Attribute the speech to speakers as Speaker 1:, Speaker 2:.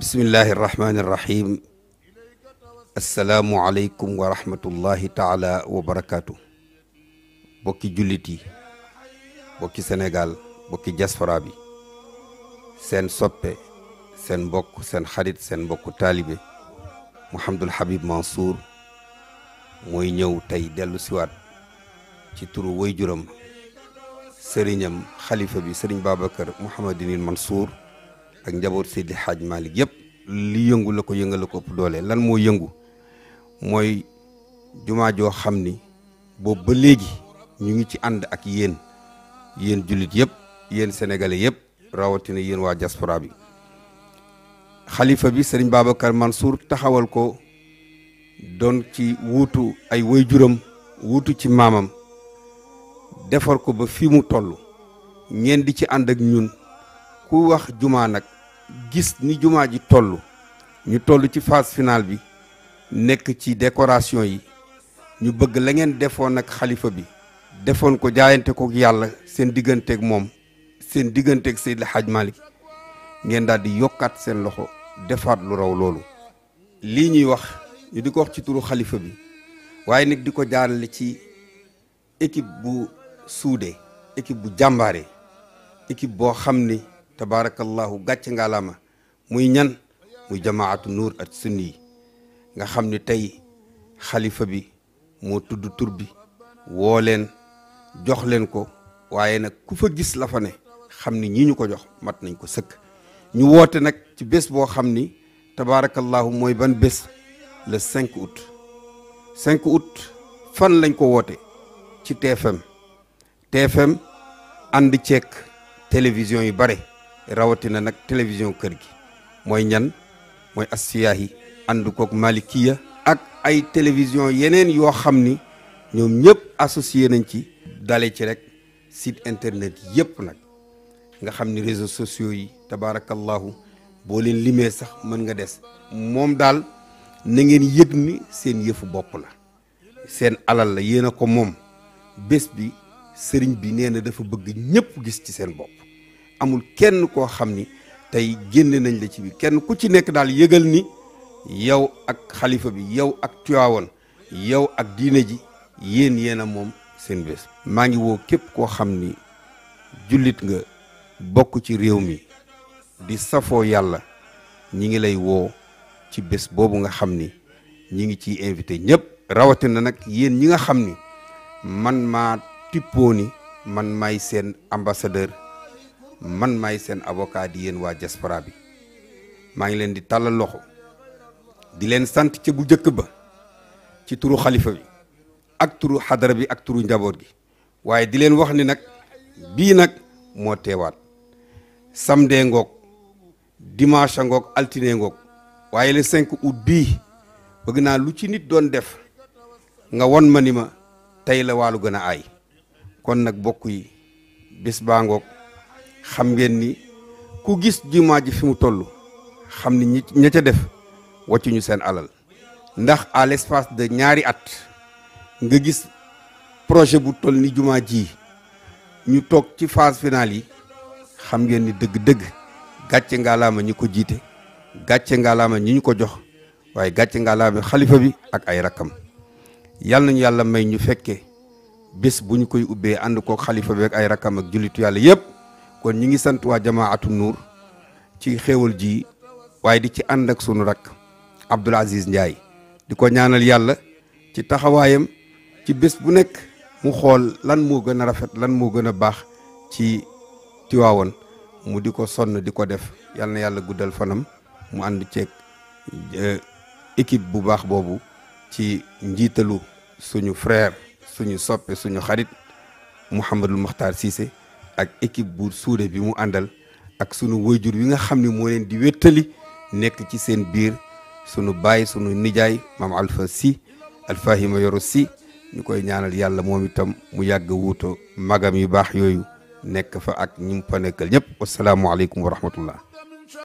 Speaker 1: بسم الله الرحمن الرحيم السلام عليكم ورحمة الله تعالى وبركاته بوكي جوليتي بوكي سنغال بوكي جاسفرابي سن صبي سن بوكو سن خريط سن بوكو طالبي محمد الحبيب منصور موي نيو تاي دلو سوات سي تورو وي جورم سرينم خليفه بي سرين بابكر محمد بن منصور ak njaboot Seydi Hadj Malick yëpp li yëngu la ko yëngal ko doole lan moo yëngu mooy jumaa joo xam ni boobu ba léegi ñu ngi ci ànd ak yéen yéen jullit yëpp yéen sénégalais yëpp rawatina yéen waa diaspora bi xalifa bi sëriñ Babacar Mansour taxawal ko doon ci wuutu ay waajuram wuutu ci maamam defar ko ba fi mu toll ngeen di ci ànd ak ñun ku wax jumaa nag gis ni jumaa ji tollu ñu toll ci phase finale bi nekk ci décoration yi ñu bëgg la ngeen defoon ak xalifa bi defoon ko jaayante ko yàlla seen digganteeg moom seen digganteeg seen Hadj Malick ngeen daal di yokkaat seen loxo defaat lu raw loolu lii ñuy wax ñu di ko wax ci turu xalifa bi waaye nag di ko jaarale ci équipe bu suudee équipe bu jàmbaare équipe boo xam ne tabaarakallaahu gàcc ngalaama muy ñan mu jamaatu nuur at sunni yi nga xam ne tey xalifa bi moo tudd tur bi woo jox leen ko waaye nag ku fa gis la fa ne xam ni ñii ñu ko jox mat nañ ko sëkk ñu woote nag ci bés boo xam ni tabaarakallaahu mooy ban bés le 5 août 5 août fan lañ ko woote ci TFM TFM ànd cek télévision yu bare rawatina nag télévision kër gi mooy ñan mooy Asfiyahi ànd koog Malikiya ak ay télévision yeneen yoo xam ni ñoom ñëpp associé nañ ci dale ci rek site internet yépp nag nga xam ni réseaux sociaux yi tabaarakallahu boo leen limee sax mën nga des moom daal na ngeen yëg seen yëfu bopp la seen alal la yéen ko moom bés bi sëriñ bi nee na dafa bëgg ñëpp gis ci seen bopp amul kenn koo xam ni tey génne nañ la ci biir kenn ku ci nekk daal yëgal ni yow ak xalifa bi yow ak Tiwaawan yow ak diine ji yéen yéen a moom seen bés maa ngi woo képp koo xam ni jullit nga bokk ci réew mi di safoo yàlla ñi ngi lay woo ci bés boobu nga xam ni ñi ngi ciy invité ñëpp rawatina nag yéen ñi nga xam ni man maa tippoo ni man may seen ambassadeur man maay seen avocat di yéen waa diaspora bi maa ngi leen di tàllal loxo di leen sant ca bu njëkk ba ci turu xalifa bi ak turu xadara bi ak turu njaboot gi waaye di leen wax ni nag bii nag moo teewaat samedi ngoog dimanche ngoog altine ngoog waaye le 5 août bii bëgg naa lu ci nit doon def nga won ma ni ma tey la waalu gën a aay kon nag bokk yi bis ngoog xam ngeen ni ku gis jumaa ji fi mu toll xam ni ñi ca def woccuñu seen alal ndax à l'espace de ñaari at nga gis projet bu toll ni jumaa ji ñu toog ci phase finale yi xam ngeen ni dëgg-dëgg gàcce ngaalaama ñi ko jiite gàcce ngaalaama ñi ñu ko jox waaye gàcce ngaalaama xalifa bi ak ay rakkam yàlla nañu yàlla may ñu fekke bis bu ñu koy ubbee ànd koo xalifa bi ak ay rakkam ak jullitu yàlla yépp kon ñi ngi sant waa jamaatu nuur ci xéewal ji waaye di ci ànd ak sunu rakk Abdoul Aziz Ndiaye di ko ñaanal yàlla ci taxawaayam ci bés bu nekk mu xool lan moo gën a rafet lan moo gën a baax ci Tiwaawan mu di ko sonn di ko def yal yàlla guddal fanam mu ànd ceeg eh, équipe bu baax boobu ci njiitalu suñu frère suñu soppe suñu xarit Mouhamadul Makhtar Cissé ak équipe bu suude bi mu àndal ak sunu wayjur yi nga xam ne moo leen di wettali nekk ci seen biir sunu baay sunu nijaay maam Alpha Sy ma Yoro si ñu koy ñaanal yàlla moom itam mu yàgg wuto magam yu baax yooyu nekk fa ak ñi mu fa nekkal ñëpp wasalaamualeykum wa